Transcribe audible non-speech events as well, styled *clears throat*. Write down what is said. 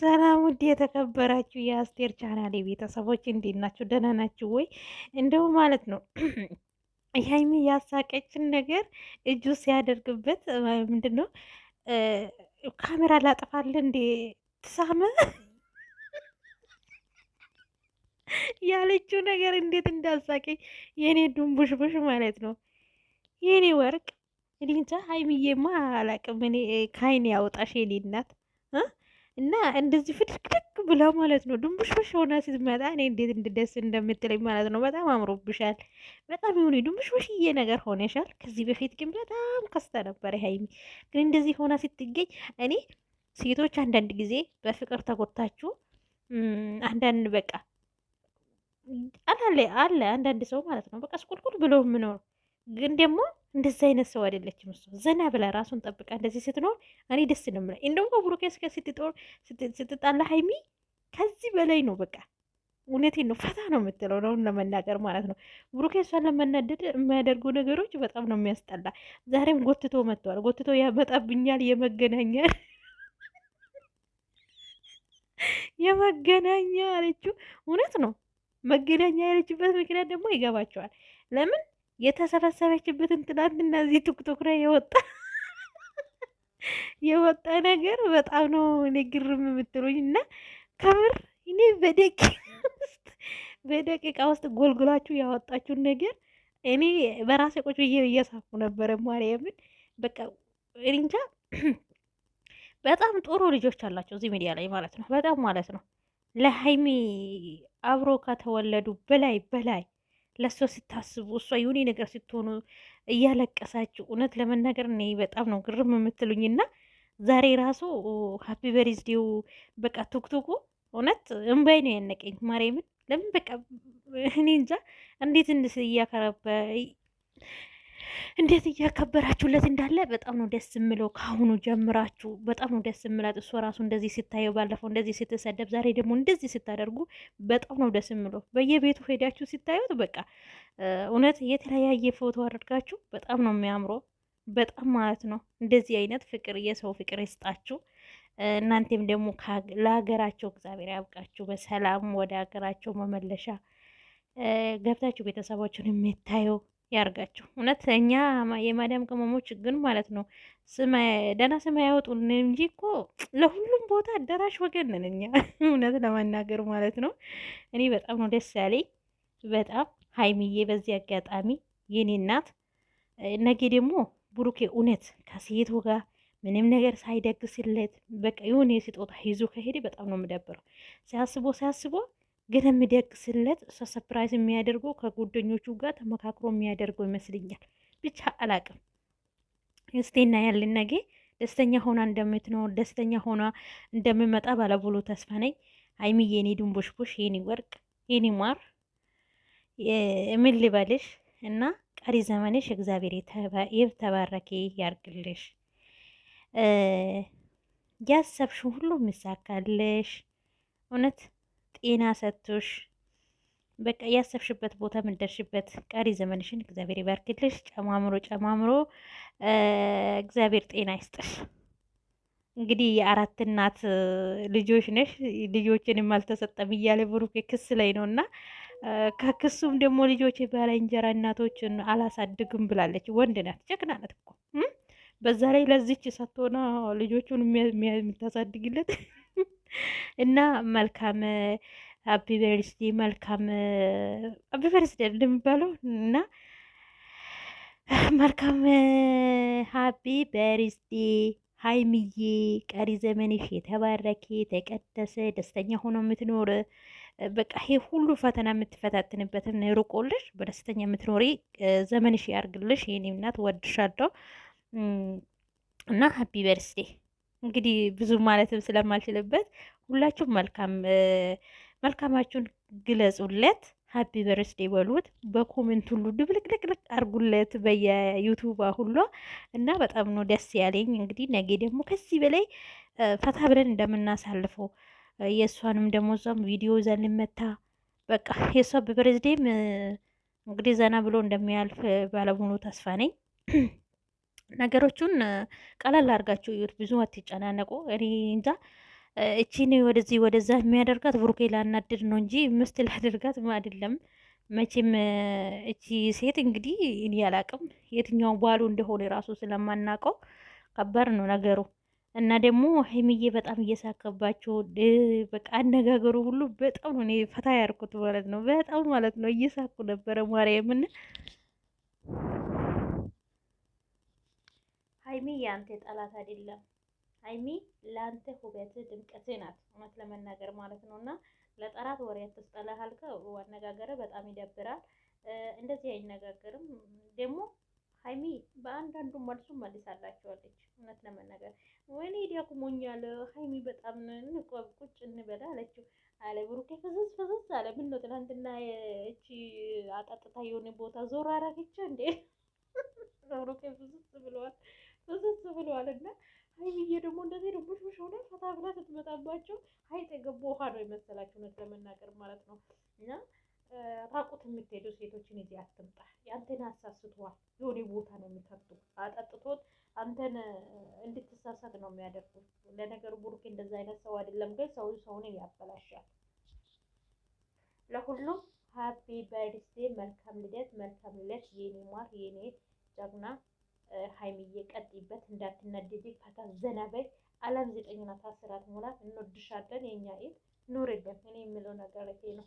ሰላም ውድ የተከበራችሁ የአስቴር ቻናል ቤተሰቦች እንዴት ናችሁ? ደህና ናችሁ ወይ? እንደው ማለት ነው *clears throat* ሀይሚ ያሳቀችን ነገር እጁ ሲያደርግበት ምንድን ነው ካሜራ ላጠፋል እንዴ ትሳመ *laughs* ያለችው ነገር እንዴት እንዳሳቀኝ የኔ ዱንቡሽቡሽ ማለት ነው የኔ ወርቅ እኔ እንጃ ሀይሚዬማ አላቅም እኔ ከአይን ያወጣሽ የኔ እናት እና እንደዚህ ፍድርክድክ ብላ ማለት ነው ድንቡሽቡሽ ሆና ስትመጣ እኔ እንዴት እንድደስ እንደምትለኝ ማለት ነው። በጣም አምሮብሻል፣ በጣም የሆነ ድንቡሽቡሽዬ ነገር ሆነሻል። ከዚህ በፊት ግን በጣም ከስታ ነበር ሀይሚ። ግን እንደዚህ ሆና ስትገኝ እኔ ሴቶች አንዳንድ ጊዜ በፍቅር ተጎድታችሁ አንዳንድ በቃ አላለ አለ አንዳንድ ሰው ማለት ነው በቃ ስቁልቁል ብሎ ምኖር ግን ደግሞ እንደዚህ አይነት ሰው አይደለችም። እሱ ዘና ብላ ራሱን ጠብቃ እንደዚህ ስትኖር እኔ ደስ ነው የምልህ። እንደውም ከብሩኬ እስከ ስትጣላ ሀይሚ ከዚህ በላይ ነው በቃ እውነቴን ነው። ፈታ ነው የምትለው ነውን ለመናገር ማለት ነው። ብሩኬ እሷን ለመናደድ የሚያደርጉ ነገሮች በጣም ነው የሚያስጠላ። ዛሬም ጎትቶ መጥተዋል። ጎትቶ ያመጣብኛል የመገናኛ *laughs* የመገናኛ አለችው። እውነት ነው መገናኛ ያለችበት ምክንያት ደግሞ ይገባቸዋል ለምን የተሰበሰበችበትን ትናንትና እዚህ ቱክቱክ ላይ የወጣ የወጣ ነገር በጣም ነው እኔ ግርም የምትሉኝ እና ከምር እኔ በደቂቃ ውስጥ በደቂቃ ውስጥ ጎልጉላችሁ ያወጣችሁን ነገር እኔ በራሴ ቁጭ ብዬ እየሳኩ ነበረ። ማርያምን በቃ እንጃ *clears throat* በጣም ጥሩ ልጆች አላቸው እዚህ ሚዲያ ላይ ማለት ነው። በጣም ማለት ነው ለሀይሚ አብሮ ከተወለዱ በላይ በላይ ለእሷ ስታስቡ እሷ የሆነ ነገር ስትሆኑ እያለቀሳችሁ እውነት ለመናገር እኔ በጣም ነው ግርም የምትሉኝ እና ዛሬ ራሱ ሀፒ በርዝዴው በቃ ቶክቶኩ እውነት እምባይ ነው ያነቀኝ። ማርያምን ለምን በቃ እኔ እንጃ እንዴት እንስ እያከረበ እንዴት እያከበራችሁለት እንዳለ በጣም ነው ደስ የምለው። ከአሁኑ ጀምራችሁ በጣም ነው ደስ የምላት። እሱ ራሱ እንደዚህ ሲታየው ባለፈው እንደዚህ ስትሰደብ፣ ዛሬ ደግሞ እንደዚህ ስታደርጉ በጣም ነው ደስ የምለው። በየቤቱ ሄዳችሁ ሲታዩት በቃ እውነት የተለያየ ፎቶ አድርጋችሁ በጣም ነው የሚያምሮ በጣም ማለት ነው። እንደዚህ አይነት ፍቅር የሰው ፍቅር ይስጣችሁ። እናንተም ደግሞ ለሀገራቸው እግዚአብሔር ያብቃችሁ። በሰላም ወደ ሀገራቸው መመለሻ ገብታችሁ ቤተሰባችሁን የምታየው ያርጋቸው። እውነት እኛ የማዳም ቅመሞች ግን ማለት ነው ደህና ስም ያወጡ እንጂ እኮ ለሁሉም ቦታ አዳራሽ ወገን ነን እኛ *laughs* እውነት ለመናገር ማለት ነው። እኔ በጣም ነው ደስ ያለኝ። በጣም ሀይሚዬ፣ በዚህ አጋጣሚ የኔ እናት፣ ነገ ደግሞ ብሩኬ እውነት ከሴቱ ጋር ምንም ነገር ሳይደግስለት በቃ የሆነ የስጦታ ይዞ ከሄደ በጣም ነው የምደብረው። ሲያስቦ ሲያስቦ ግን የሚደግስለት ሰው ሰፕራይዝ የሚያደርገው ከጓደኞቹ ጋር ተመካክሮ የሚያደርገው ይመስልኛል። ብቻ አላቅም። እስቴና ያልን ነገ ደስተኛ ሆና እንደምትኖር ደስተኛ ሆና እንደምመጣ ባለሙሉ ተስፋ ነኝ። አይሚ የኔ ድንቦሽቦሽ፣ የኔ ወርቅ፣ የኔ ማር ምን ልበልሽ እና ቀሪ ዘመንሽ እግዚአብሔር የተባረከ ያርግልሽ። ያሰብሽ ሁሉ ምሳካለሽ እውነት ጤና ሰጥቶሽ በቃ ያሰብሽበት ቦታ ምንደርሽበት ቀሪ ዘመንሽን እግዚአብሔር ይባርክልሽ። ጨማምሮ ጨማምሮ እግዚአብሔር ጤና ይስጥሽ። እንግዲህ የአራት እናት ልጆች ነሽ። ልጆችንም አልተሰጠም እያለ ብሩክ ክስ ላይ ነው እና ከክሱም ደግሞ ልጆች ባለ እንጀራ እናቶችን አላሳድግም ብላለች። ወንድ ናት፣ ጀግና ናት እኮ በዛ ላይ ለዚች ሰጥቶና ልጆቹን የምታሳድግለት እና መልካም አቢ በርስዴ መልካም አቢ በርስዴ እንደሚባለው እና መልካም ሀቢ በርስዴ ሀይሚዬ ቀሪ ዘመንሽ የተባረከ የተቀደሰ ደስተኛ ሆኖ የምትኖር በቃ ይሄ ሁሉ ፈተና የምትፈታትንበትን ርቆልሽ በደስተኛ የምትኖሪ ዘመንሽ ያርግልሽ። የኔ እናት ወድሻለሁ እና ሀቢ በርስዴ እንግዲህ ብዙ ማለትም ስለማልችልበት ሁላችሁም መልካም መልካማችሁን ግለጹለት። ሀፒ በርስዴ በሉት። በኮሜንት ሁሉ ድብልቅልቅልቅ አርጉለት በየዩቱብ ሁሉ እና በጣም ነው ደስ ያለኝ። እንግዲህ ነገ ደግሞ ከዚህ በላይ ፈታ ብለን እንደምናሳልፈው የእሷንም ደግሞ እዛም ቪዲዮ ዘን ልመታ በቃ የእሷ በበርዝዴም እንግዲህ ዘና ብሎ እንደሚያልፍ ባለሙሉ ተስፋ ነኝ። *clears throat* ነገሮቹን ቀለል አድርጋችሁ ይዩት። ብዙ አትጨናነቁ። እኔ እንጃ እቺን ወደዚህ ወደዛ የሚያደርጋት ብሩኬ ላናድድ ነው እንጂ ምስት ላደርጋት አይደለም። መቼም እቺ ሴት እንግዲህ እኔ አላቅም የትኛው ባሉ እንደሆነ ራሱ ስለማናውቀው ከባድ ነው ነገሩ። እና ደግሞ ሀይሚዬ በጣም እየሳከባቸው በቃ አነጋገሩ ሁሉ በጣም ነው እኔ ፈታ ያርኩት ማለት ነው። በጣም ማለት ነው እየሳኩ ነበረ ማርያምን ሀይሚ የአንተ ጠላት አይደለም። ሀይሚ ለአንተ ውበት ድምቀት ናት፣ እውነት ለመናገር ማለት ነው። እና ለጠራት ወሬ አትስጠላ አልከው። አነጋገር በጣም ይደብራል። እንደዚህ አይነጋገርም ደግሞ ሀይሚ በአንዳንዱ መልሱ መልሳላቸዋለች። እውነት ለመናገር ወይኔ ዲያቁሞኛል ሀይሚ በጣም እንቆብ ቁጭ እንበላ አለችው አለ ብሩኬ ፍዝዝ ፍዝዝ አለ። ምን ነው ትናንትና እቺ አጣጥታ የሆነ ቦታ ዞር አረገች እንዴ? *laughs* ብሩኬ ፍዝዝ ብለዋል። ብስስ ብለዋልና ሀይሚዬ ደግሞ እንደዚህ ነው ቡሽቡሽ ሆነ ፈታ ብላ ስትመጣባቸው ሀይጥ የገባ ውሃ ነው የመሰላቸው እውነት ለመናገር ማለት ነው። እና ራቁት የምትሄዱ ሴቶችን ይዜ አትምጣ። ያንተን ሀሳብ ስተዋል የሆነ ቦታ ነው የሚከቱ አጠጥቶት አንተን እንድትሳሳት ነው የሚያደርጉት። ለነገሩ ቡሩኬ እንደዛ አይነት ሰው አይደለም፣ ግን ሰው ሰውን ያበላሻል። ለሁሉም ሀፒ በርዝዴ፣ መልካም ልደት፣ መልካም ልደት የኔ ማር የኔ ጀግና ሀይሚዬ ቀጥይበት፣ እንዳትናደጂ፣ ፈታ ዘና በይ። አለም ዘጠኝና ታስራት ሆናት። እንወድሻለን የኛ ኢድ ኑርልን። እኔ የምለው ነገር ይሄ ነው።